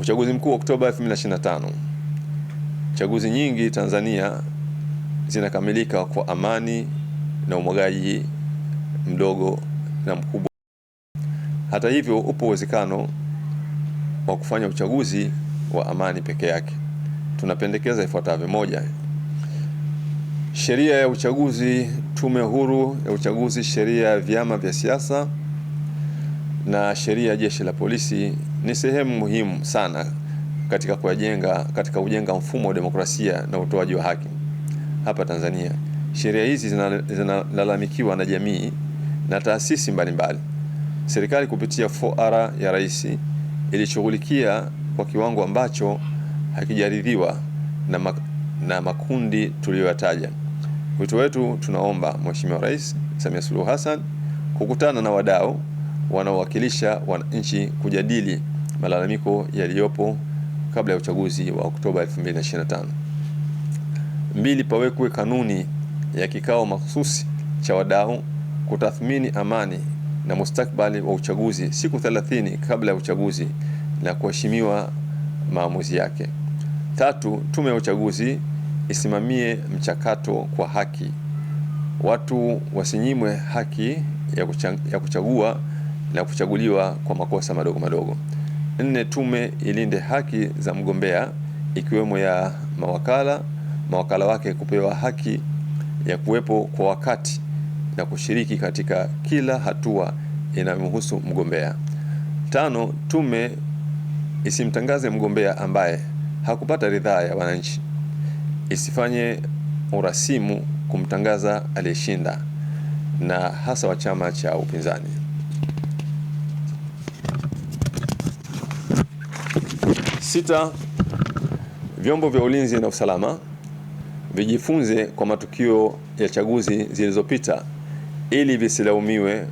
Uchaguzi mkuu Oktoba 2025. Chaguzi nyingi Tanzania zinakamilika kwa amani na umwagaji mdogo na mkubwa. Hata hivyo, upo uwezekano wa kufanya uchaguzi wa amani peke yake. Tunapendekeza ifuatavyo: moja, sheria ya uchaguzi, tume huru ya uchaguzi, sheria ya vyama vya siasa na sheria ya jeshi la polisi ni sehemu muhimu sana katika kujenga katika kujenga mfumo wa demokrasia na utoaji wa haki hapa Tanzania. Sheria hizi zinalalamikiwa na jamii na taasisi mbalimbali. Serikali kupitia 4R ya rais ilishughulikia kwa kiwango ambacho hakijaridhiwa na, mak na makundi tuliyoyataja. Wito wetu tunaomba Mheshimiwa Rais Samia Suluhu Hassan kukutana na wadau wanaowakilisha wananchi kujadili malalamiko yaliyopo kabla ya uchaguzi wa Oktoba 2025. Mbili, pawekwe kanuni ya kikao mahsusi cha wadau kutathmini amani na mustakbali wa uchaguzi siku 30 kabla ya uchaguzi na kuheshimiwa maamuzi yake. Tatu, tume ya uchaguzi isimamie mchakato kwa haki. Watu wasinyimwe haki ya kuchagua na kuchaguliwa kwa makosa madogo madogo. Nne, tume ilinde haki za mgombea ikiwemo ya mawakala, mawakala wake kupewa haki ya kuwepo kwa wakati na kushiriki katika kila hatua inayomhusu mgombea. Tano, tume isimtangaze mgombea ambaye hakupata ridhaa ya wananchi. Isifanye urasimu kumtangaza aliyeshinda na hasa wa chama cha upinzani. Sita, vyombo vya ulinzi na usalama vijifunze kwa matukio ya chaguzi zilizopita ili visilaumiwe